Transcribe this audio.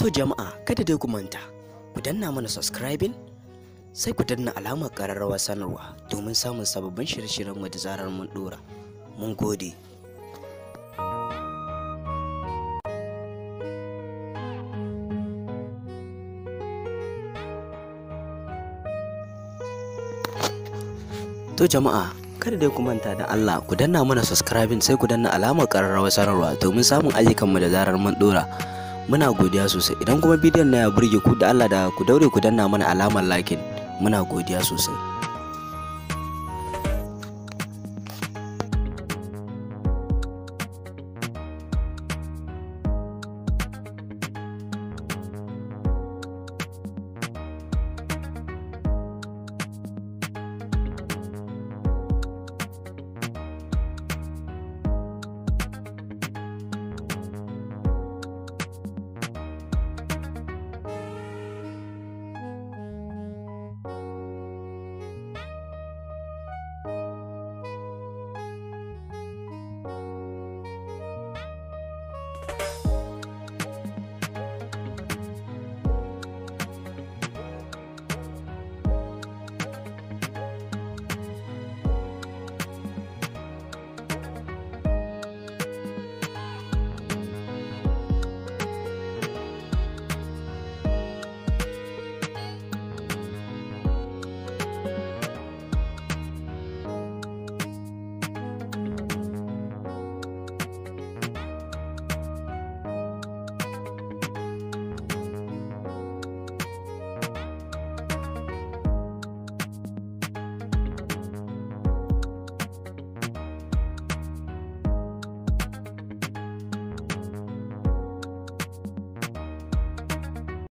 To jama'a kada dai ku manta ku danna mana subscribing sai ku danna alamar ƙararrawar sanarwa domin samun sababbin shirye-shiryenmu da zarar mun ɗora. Mun gode. To jama'a kada dai ku manta da Allah ku danna mana subscribing sai ku danna alamar ƙararrawar sanarwa domin samun ayyukanmu da zarar mun ɗora. muna godiya sosai idan kuma bidiyon na ya burge ku da Allah da ku daure ku danna mana alamar lakin muna godiya sosai